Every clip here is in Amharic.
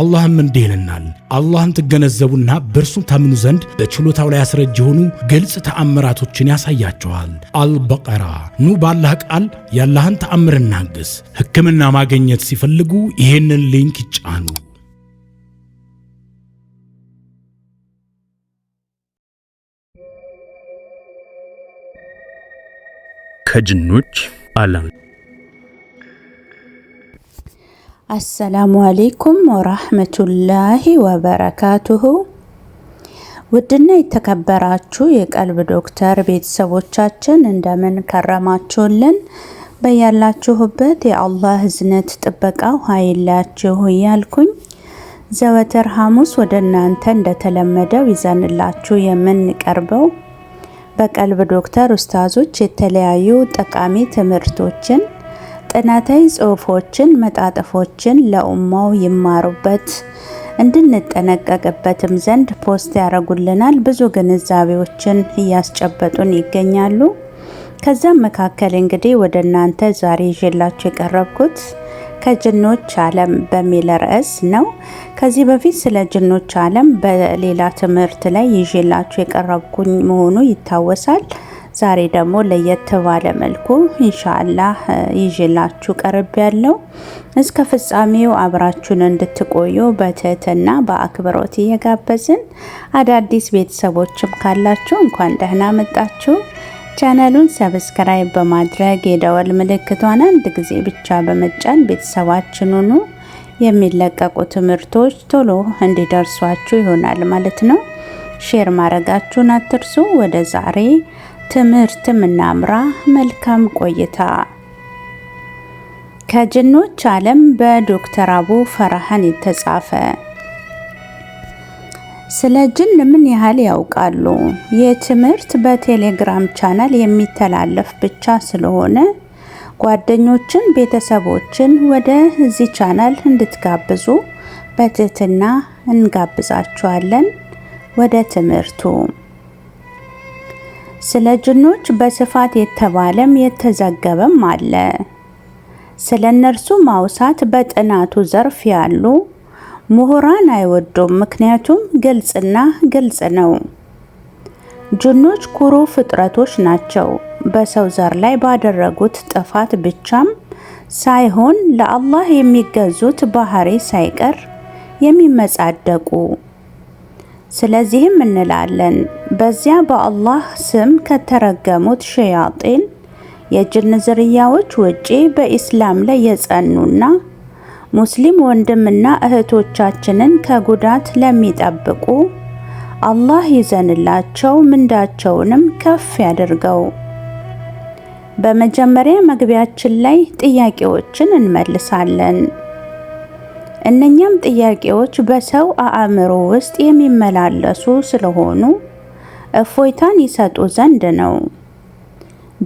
አላህም እንዲህ ይለናል፣ አላህን ትገነዘቡና በእርሱ ታምኑ ዘንድ በችሎታው ላይ አስረጅ የሆኑ ግልጽ ተአምራቶችን ያሳያቸዋል። አልበቀራ ኑ ባላህ ቃል ያላህን ተአምር እናግስ። ሕክምና ማግኘት ሲፈልጉ ይህንን ሊንክ ይጫኑ። ከጅኖች ዓለም አሰላሙ አሌይኩም ወራህመቱላሂ ወበረካቱሁ። ውድና የተከበራችሁ የቀልብ ዶክተር ቤተሰቦቻችን እንደምን ከረማችሁልን? በያላችሁበት የአላህ እዝነት ጥበቃው አይለያችሁ እያልኩኝ ዘወትር ሐሙስ ወደ እናንተ እንደተለመደው ይዘንላችሁ የምንቀርበው በቀልብ ዶክተር ኡስታዞች የተለያዩ ጠቃሚ ትምህርቶችን ጥናታዊ ጽሑፎችን፣ መጣጥፎችን ለኡማው ይማሩበት እንድንጠነቀቅበትም ዘንድ ፖስት ያደርጉልናል። ብዙ ግንዛቤዎችን እያስጨበጡን ይገኛሉ። ከዛም መካከል እንግዲህ ወደ እናንተ ዛሬ ይዤላችሁ የቀረብኩት ከጅኖች ዓለም በሚል ርዕስ ነው። ከዚህ በፊት ስለ ጅኖች ዓለም በሌላ ትምህርት ላይ ይዤላችሁ የቀረብኩኝ መሆኑ ይታወሳል። ዛሬ ደግሞ ለየት ባለ መልኩ ኢንሻአላህ ይዤላችሁ ቀርብ ያለው እስከ ፍጻሜው አብራችሁን እንድትቆዩ በትህትና በአክብሮት እየጋበዝን አዳዲስ ቤተሰቦችም ካላችሁ እንኳን ደህና መጣችሁ። ቻናሉን ሰብስክራይብ በማድረግ የደወል ምልክቷን አንድ ጊዜ ብቻ በመጫን ቤተሰባችን ሁኑ። የሚለቀቁ ትምህርቶች ቶሎ እንዲደርሷችሁ ይሆናል ማለት ነው። ሼር ማድረጋችሁን አትርሱ። ወደ ዛሬ ትምህርት ምናምራ መልካም ቆይታ። ከጅኖች ዓለም በዶክተር አቡ ፈርሃን የተጻፈ። ስለ ጅን ምን ያህል ያውቃሉ? ይህ ትምህርት በቴሌግራም ቻናል የሚተላለፍ ብቻ ስለሆነ ጓደኞችን፣ ቤተሰቦችን ወደ እዚህ ቻናል እንድትጋብዙ በትህትና እንጋብዛችኋለን። ወደ ትምህርቱ ስለ ጅኖች በስፋት የተባለም የተዘገበም አለ። ስለ እነርሱ ማውሳት በጥናቱ ዘርፍ ያሉ ምሁራን አይወዱም፣ ምክንያቱም ግልጽና ግልጽ ነው። ጅኖች ኩሩ ፍጥረቶች ናቸው። በሰው ዘር ላይ ባደረጉት ጥፋት ብቻም ሳይሆን ለአላህ የሚገዙት ባህሪ ሳይቀር የሚመጻደቁ ስለዚህም እንላለን በዚያ በአላህ ስም ከተረገሙት ሸያጢን የጅን ዝርያዎች ውጪ በኢስላም ላይ የጸኑና ሙስሊም ወንድምና እህቶቻችንን ከጉዳት ለሚጠብቁ አላህ ይዘንላቸው ምንዳቸውንም ከፍ ያድርገው። በመጀመሪያ መግቢያችን ላይ ጥያቄዎችን እንመልሳለን። እነኛም ጥያቄዎች በሰው አእምሮ ውስጥ የሚመላለሱ ስለሆኑ እፎይታን ይሰጡ ዘንድ ነው።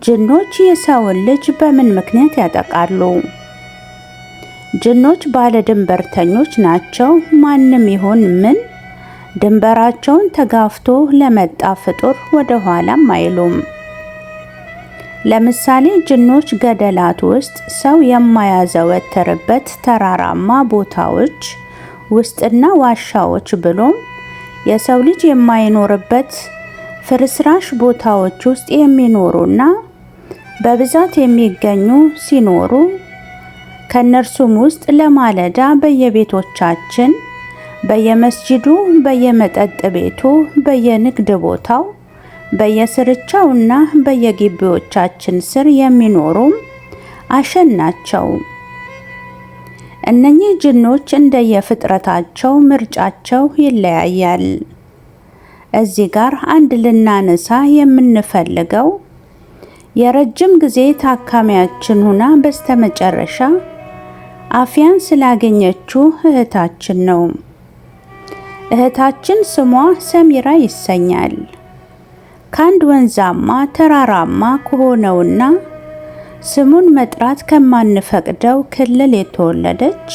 ጅኖች የሰውን ልጅ በምን ምክንያት ያጠቃሉ? ጅኖች ባለ ድንበርተኞች ናቸው። ማንም ይሁን ምን ድንበራቸውን ተጋፍቶ ለመጣ ፍጡር ወደ ኋላም አይሉም። ለምሳሌ ጅኖች ገደላት ውስጥ፣ ሰው የማያዘወትርበት ተራራማ ቦታዎች ውስጥና ዋሻዎች ብሎም የሰው ልጅ የማይኖርበት ፍርስራሽ ቦታዎች ውስጥ የሚኖሩና በብዛት የሚገኙ ሲኖሩ ከነርሱም ውስጥ ለማለዳ በየቤቶቻችን፣ በየመስጂዱ፣ በየመጠጥ ቤቱ፣ በየንግድ ቦታው በየስርቻውና በየግቢዎቻችን ስር የሚኖሩ አሸን ናቸው። እነኚህ ጅኖች እንደየፍጥረታቸው ምርጫቸው ይለያያል። እዚህ ጋር አንድ ልናነሳ የምንፈልገው የረጅም ጊዜ ታካሚያችን ሁና በስተመጨረሻ አፍያን ስላገኘችው እህታችን ነው። እህታችን ስሟ ሰሚራ ይሰኛል። ከአንድ ወንዛማ ተራራማ ከሆነውና ስሙን መጥራት ከማንፈቅደው ክልል የተወለደች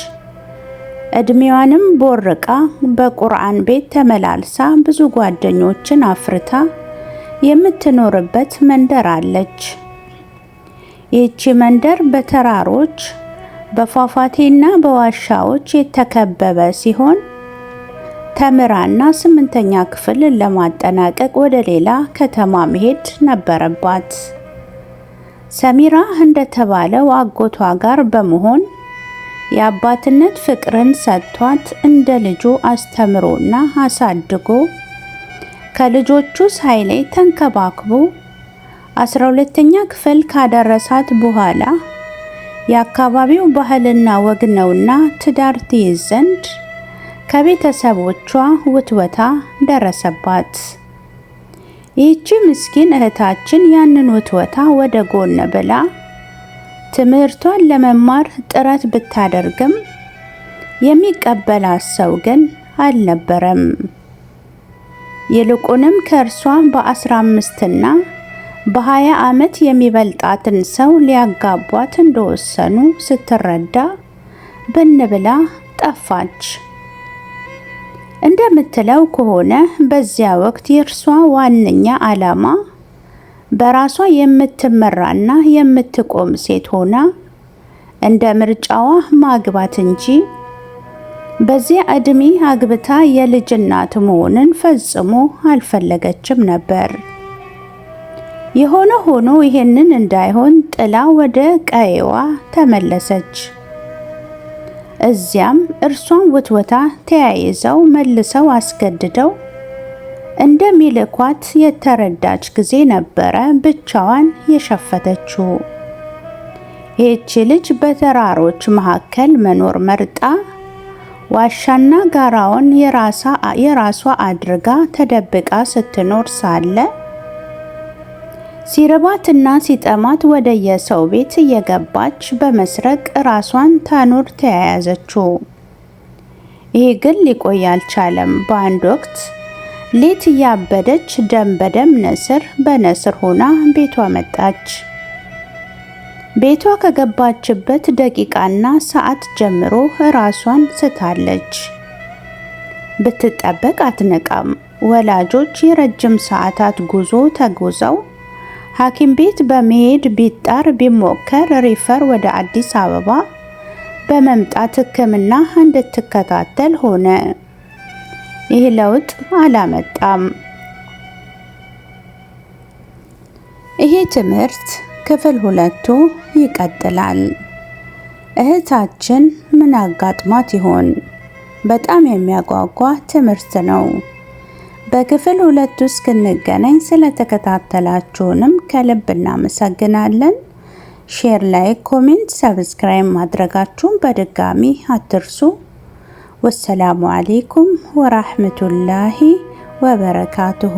እድሜዋንም ቦርቃ በቁርአን ቤት ተመላልሳ ብዙ ጓደኞችን አፍርታ የምትኖርበት መንደር አለች። ይህቺ መንደር በተራሮች በፏፏቴና በዋሻዎች የተከበበ ሲሆን ተምራና ስምንተኛ ክፍል ለማጠናቀቅ ወደ ሌላ ከተማ መሄድ ነበረባት። ሰሚራ እንደተባለው አጎቷ ጋር በመሆን የአባትነት ፍቅርን ሰጥቷት እንደ ልጁ አስተምሮና አሳድጎ ከልጆቹ ሳይለይ ተንከባክቦ አስራ ሁለተኛ ክፍል ካደረሳት በኋላ የአካባቢው ባህልና ወግ ነውና ትዳር ትይዝ ዘንድ ከቤተሰቦቿ ውትወታ ደረሰባት። ይህቺ ምስኪን እህታችን ያንን ውትወታ ወደ ጎን ብላ ትምህርቷን ለመማር ጥረት ብታደርግም የሚቀበላት ሰው ግን አልነበረም። ይልቁንም ከእርሷ በአስራ አምስትና በሀያ ዓመት የሚበልጣትን ሰው ሊያጋቧት እንደወሰኑ ስትረዳ ብን ብላ ጠፋች። እንደምትለው ከሆነ በዚያ ወቅት የእርሷ ዋነኛ ዓላማ በራሷ የምትመራና የምትቆም ሴት ሆና እንደ ምርጫዋ ማግባት እንጂ በዚያ ዕድሜ አግብታ የልጅ እናት መሆንን ፈጽሞ አልፈለገችም ነበር። የሆነ ሆኖ ይሄንን እንዳይሆን ጥላ ወደ ቀይዋ ተመለሰች። እዚያም እርሷን ወትወታ ተያይዘው መልሰው አስገድደው እንደሚልኳት የተረዳች ጊዜ ነበረ ብቻዋን የሸፈተችው። ይህቺ ልጅ በተራሮች መካከል መኖር መርጣ ዋሻና ጋራውን የራሷ አድርጋ ተደብቃ ስትኖር ሳለ ሲርባትና ሲጠማት ወደ የሰው ቤት እየገባች በመስረቅ ራሷን ታኑር ተያያዘችው። ይህ ግን ሊቆይ አልቻለም። በአንድ ወቅት ሌት እያበደች ደም በደም ነስር በነስር ሆና ቤቷ መጣች። ቤቷ ከገባችበት ደቂቃና ሰዓት ጀምሮ ራሷን ስታለች። ብትጠበቅ አትነቃም። ወላጆች የረጅም ሰዓታት ጉዞ ተጉዘው ሐኪም ቤት በመሄድ ቢጣር ቢሞከር ሪፈር ወደ አዲስ አበባ በመምጣት ሕክምና እንድትከታተል ሆነ። ይህ ለውጥ አላመጣም። ይሄ ትምህርት ክፍል ሁለቱ ይቀጥላል። እህታችን ምን አጋጥሟት ይሆን? በጣም የሚያጓጓ ትምህርት ነው። በክፍል ሁለት ውስጥ እንገናኝ። ስለተከታተላችሁንም ከልብ እናመሰግናለን። ሼር፣ ላይክ፣ ኮሜንት፣ ሰብስክራይብ ማድረጋችሁን በድጋሚ አትርሱ። ወሰላሙ አሌይኩም ወራህመቱላሂ ወበረካቱሁ